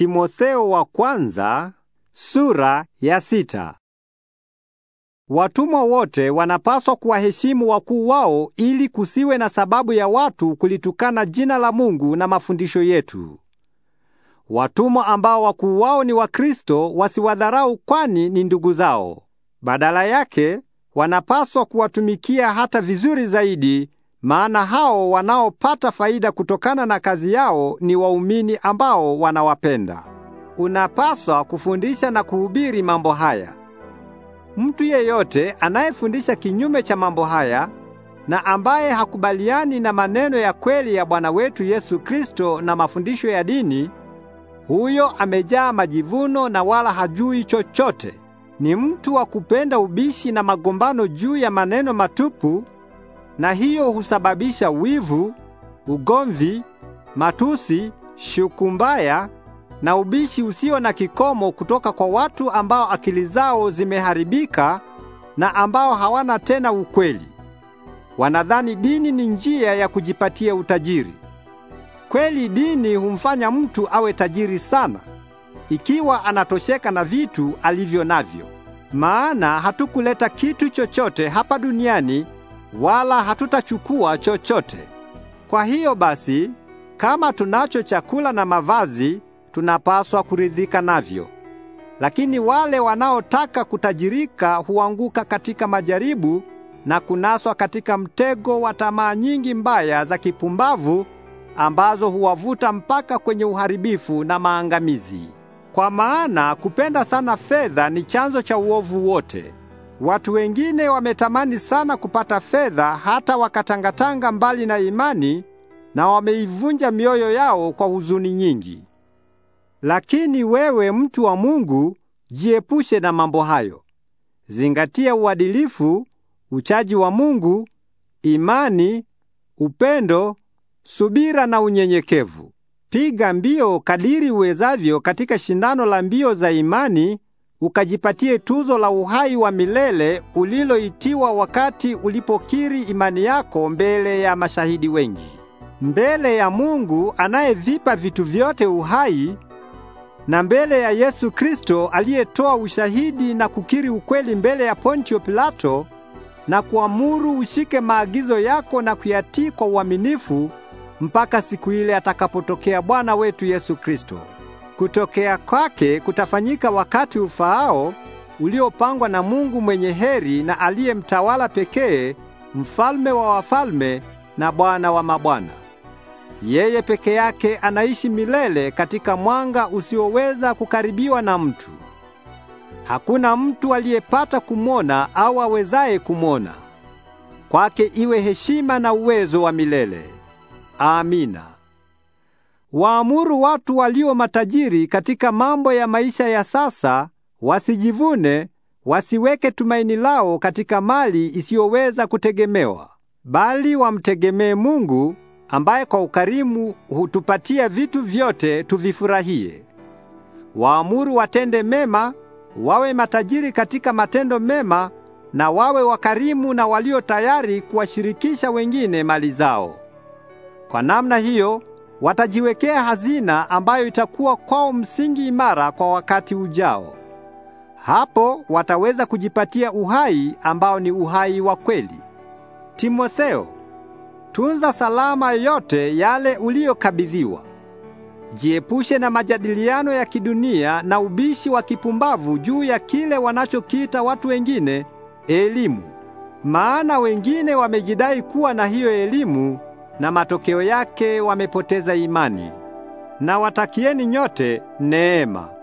Timotheo wa kwanza sura ya sita. Watumwa wote wanapaswa kuwaheshimu wakuu wao ili kusiwe na sababu ya watu kulitukana jina la Mungu na mafundisho yetu. Watumwa ambao wakuu wao ni Wakristo wasiwadharau kwani ni ndugu zao. Badala yake, wanapaswa kuwatumikia hata vizuri zaidi maana hao wanaopata faida kutokana na kazi yao ni waumini ambao wanawapenda. Unapaswa kufundisha na kuhubiri mambo haya. Mtu yeyote anayefundisha kinyume cha mambo haya na ambaye hakubaliani na maneno ya kweli ya Bwana wetu Yesu Kristo na mafundisho ya dini, huyo amejaa majivuno na wala hajui chochote. Ni mtu wa kupenda ubishi na magombano juu ya maneno matupu na hiyo husababisha wivu, ugomvi, matusi, shuku mbaya na ubishi usio na kikomo kutoka kwa watu ambao akili zao zimeharibika na ambao hawana tena ukweli. Wanadhani dini ni njia ya kujipatia utajiri. Kweli dini humfanya mtu awe tajiri sana ikiwa anatosheka na vitu alivyo navyo. Maana hatukuleta kitu chochote hapa duniani wala hatutachukua chochote. Kwa hiyo basi, kama tunacho chakula na mavazi, tunapaswa kuridhika navyo. Lakini wale wanaotaka kutajirika huanguka katika majaribu na kunaswa katika mtego wa tamaa nyingi mbaya za kipumbavu ambazo huwavuta mpaka kwenye uharibifu na maangamizi. Kwa maana kupenda sana fedha ni chanzo cha uovu wote. Watu wengine wametamani sana kupata fedha hata wakatangatanga mbali na imani na wameivunja mioyo yao kwa huzuni nyingi. Lakini wewe mtu wa Mungu, jiepushe na mambo hayo. Zingatia uadilifu, uchaji wa Mungu, imani, upendo, subira na unyenyekevu. Piga mbio kadiri uwezavyo katika shindano la mbio za imani ukajipatie tuzo la uhai wa milele uliloitiwa wakati ulipokiri imani yako mbele ya mashahidi wengi. Mbele ya Mungu anayevipa vitu vyote uhai na mbele ya Yesu Kristo aliyetoa ushahidi na kukiri ukweli mbele ya Pontio Pilato na kuamuru ushike maagizo yako na kuyatii kwa uaminifu mpaka siku ile atakapotokea Bwana wetu Yesu Kristo. Kutokea kwake kutafanyika wakati ufaao uliopangwa na Mungu mwenye heri na aliyemtawala pekee, mfalme wa wafalme na Bwana wa mabwana. Yeye peke yake anaishi milele katika mwanga usioweza kukaribiwa na mtu. Hakuna mtu aliyepata kumwona au awezaye kumwona. Kwake iwe heshima na uwezo wa milele. Amina waamuru watu walio matajiri katika mambo ya maisha ya sasa wasijivune, wasiweke tumaini lao katika mali isiyoweza kutegemewa, bali wamtegemee Mungu ambaye kwa ukarimu hutupatia vitu vyote tuvifurahie. Waamuru watende mema, wawe matajiri katika matendo mema na wawe wakarimu na walio tayari kuwashirikisha wengine mali zao. Kwa namna hiyo Watajiwekea hazina ambayo itakuwa kwao msingi imara kwa wakati ujao. Hapo wataweza kujipatia uhai ambao ni uhai wa kweli. Timotheo, tunza salama yote yale uliyokabidhiwa. Jiepushe na majadiliano ya kidunia na ubishi wa kipumbavu juu ya kile wanachokiita watu wengine elimu. Maana wengine wamejidai kuwa na hiyo elimu na matokeo yake wamepoteza imani. Na watakieni nyote neema.